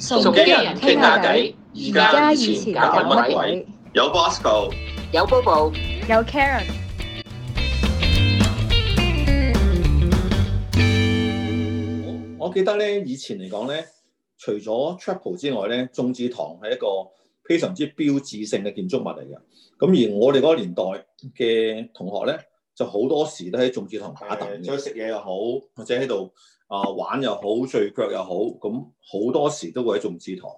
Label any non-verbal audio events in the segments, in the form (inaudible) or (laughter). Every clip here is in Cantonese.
崇基人傾下偈，而家以前搞乜鬼？有 Bosco，有 Bobo，有 Karen。我記得咧，以前嚟講咧，除咗 Chapel 之外咧，眾志堂係一個非常之標誌性嘅建築物嚟嘅。咁而我哋嗰個年代嘅同學咧，就好多時都喺眾志堂打躉出去食嘢又好，或者喺度。啊玩又好，聚腳又好，咁好多時都會喺眾志堂。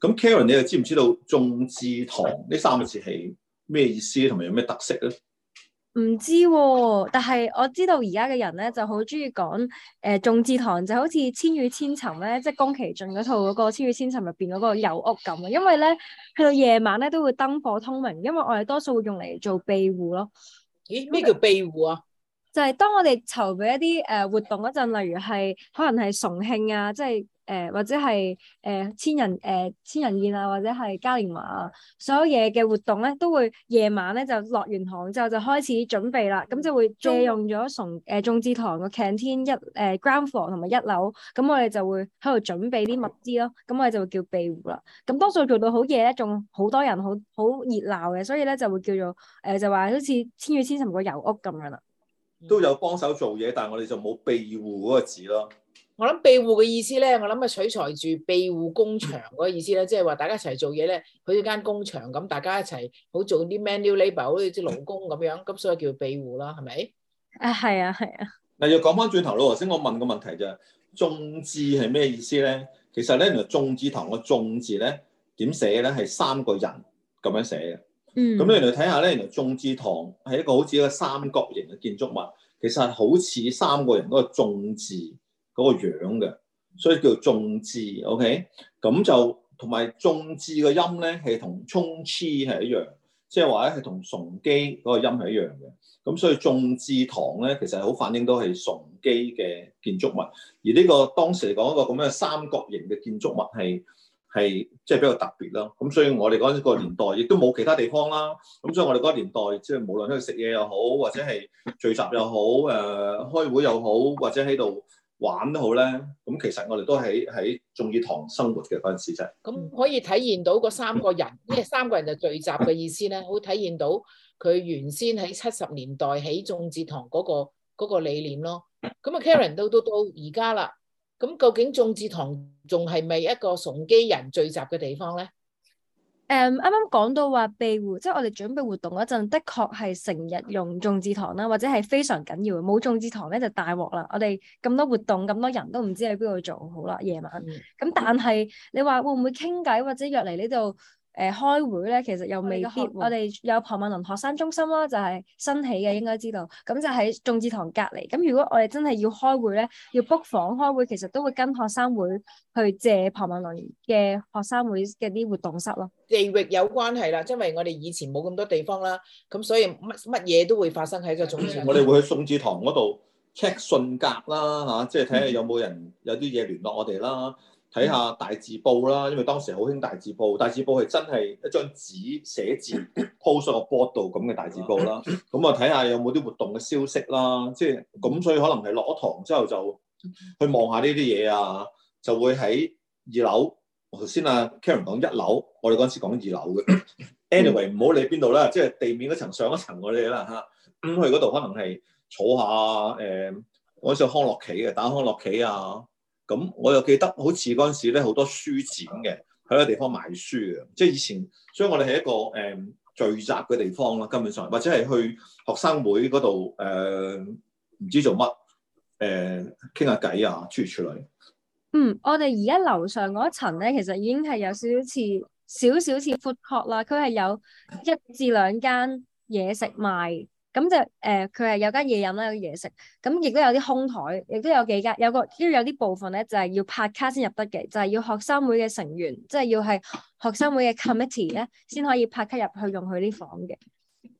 咁 Karen 你又知唔知道眾志堂呢三個字係咩意思同埋有咩特色咧？唔知喎、啊，但係我知道而家嘅人咧就好、呃、鍾意講誒眾志堂就好似《千與千尋》咧，即係宮崎駿嗰套嗰、嗰個《千與千尋》入邊嗰個油屋咁啊，因為咧去到夜晚咧都會燈火通明，因為我哋多數會用嚟做庇護咯。咦？咩叫庇護啊？就係當我哋籌備一啲誒、呃、活動嗰陣，例如係可能係重慶啊，即係誒、呃、或者係誒、呃、千人誒、呃、千人宴啊，或者係嘉年華啊，所有嘢嘅活動咧，都會夜晚咧就落完堂之後就開始準備啦。咁就會借用咗崇誒眾志堂嘅 canteen 一誒、呃、ground floor 同埋一樓，咁我哋就會喺度準備啲物資咯。咁我哋就會叫庇護啦。咁多數做到好夜咧，仲好多人好好熱鬧嘅，所以咧就會叫做誒、呃、就話好似千與千尋個油屋咁樣啦。都有幫手做嘢，但係我哋就冇庇護嗰個字咯。我諗庇護嘅意思咧，我諗係取材住庇護工場嗰意思咧，即係話大家一齊做嘢咧，好似間工場咁，大家一齊好做啲 manual labour，好似啲勞工咁樣，咁所以叫庇護啦，係咪？啊，係啊，係啊。嗱，要講翻轉頭，頭先我問個問題就係眾志係咩意思咧？其實咧，原來眾志堂個眾字咧，點寫咧？係三個人咁樣寫嘅。嗯，咁你原睇下咧，原來眾志堂係一個好似一個三角形嘅建築物，其實係好似三角形嗰個眾字嗰個樣嘅，所以叫做眾字，OK？咁就同埋眾字嘅音咧，係同衝刺係一樣，即係話咧，係同崇基嗰個音係一樣嘅，咁所以眾志堂咧，其實係好反映到係崇基嘅建築物，而呢個當時嚟講一個咁樣三角形嘅建築物係。係即係比較特別啦，咁所以我哋嗰個年代亦都冇其他地方啦，咁所以我哋嗰個年代即係、就是、無論喺度食嘢又好，或者係聚集又好，誒、呃、開會又好，或者喺度玩都好咧，咁其實我哋都喺喺眾志堂生活嘅嗰陣時啫、就是。咁可以體現到嗰三個人，呢三個人就聚集嘅意思咧，好體現到佢原先喺七十年代喺眾志堂嗰、那個那個理念咯。咁啊，Karen 都到到而家啦。咁究竟眾志堂仲係咪一個崇基人聚集嘅地方咧？誒、嗯，啱啱講到話庇護，即係我哋準備活動嗰陣，的確係成日用眾志堂啦，或者係非常緊要嘅。冇眾志堂咧就大鑊啦！我哋咁多活動、咁多人都唔知喺邊度做好啦夜晚。咁、嗯、但係你話會唔會傾偈或者約嚟呢度？誒開會咧，其實又未必。我哋有龐萬倫學生中心啦，就係、是、新起嘅，應該知道。咁就喺眾志堂隔離。咁如果我哋真係要開會咧，要 book 房開會，其實都會跟學生會去借龐萬倫嘅學生會嘅啲活動室咯。地域有關係啦，因為我哋以前冇咁多地方啦，咁所以乜乜嘢都會發生喺個眾志堂。 (laughs) 我哋會去眾志堂嗰度 check 信格啦，嚇、啊，即係睇下有冇人有啲嘢聯絡我哋啦。睇下大字報啦，因為當時好興大字報，大字報係真係一張紙寫字 (laughs) 鋪上個 board 度，咁嘅大字報啦。咁啊睇下有冇啲活動嘅消息啦，即係咁，所以可能係落咗堂之後就去望下呢啲嘢啊，就會喺二樓。頭先啊 Karen 講一樓，我哋嗰陣時講二樓嘅。 (laughs) Anyway 唔好理邊度啦，即係地面嗰層上一層嗰啲嘢啦嚇。咁去嗰度可能係坐下誒、欸，我喺度康樂棋嘅，打康樂棋啊。咁我又記得好似嗰陣時咧，好多書展嘅喺個地方賣書嘅，即係以前，所以我哋係一個誒、呃、聚集嘅地方啦，根本上，或者係去學生會嗰度誒，唔、呃、知做乜誒傾下偈啊，出嚟出嚟。嗯，我哋而家樓上嗰一層咧，其實已經係有少少似少少似 food court 啦，佢係有一至兩間嘢食賣。咁就誒，佢、呃、係有間嘢飲啦，有嘢食，咁亦都有啲空台，亦都有幾間，有個，因為有啲部分咧就係、是、要拍卡先入得嘅，就係、是、要學生會嘅成員，即、就、係、是、要係學生會嘅 committee 咧，先可以拍卡入去用佢啲房嘅，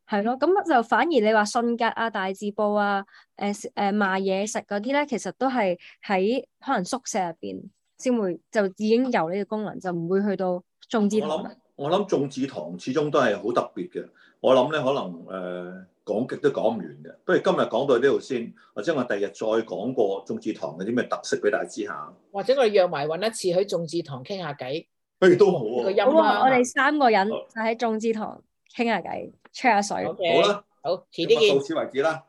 係咯。咁就反而你話信格啊、大字報啊、誒、啊、誒、啊、賣嘢食嗰啲咧，其實都係喺可能宿舍入邊先會就已經有呢個功能，就唔會去到眾志堂。我諗眾志堂始終都係好特別嘅，我諗咧可能誒講極都講唔完嘅，不如今日講到呢度先，或者我第日再講過眾志堂嘅啲咩特色俾大家知下。或者我哋約埋揾一次去眾志堂傾下偈，不如都好啊！好啊，我哋三個人就喺眾志堂傾下偈，吹下水。好啦，好，遲啲見。到此為止啦。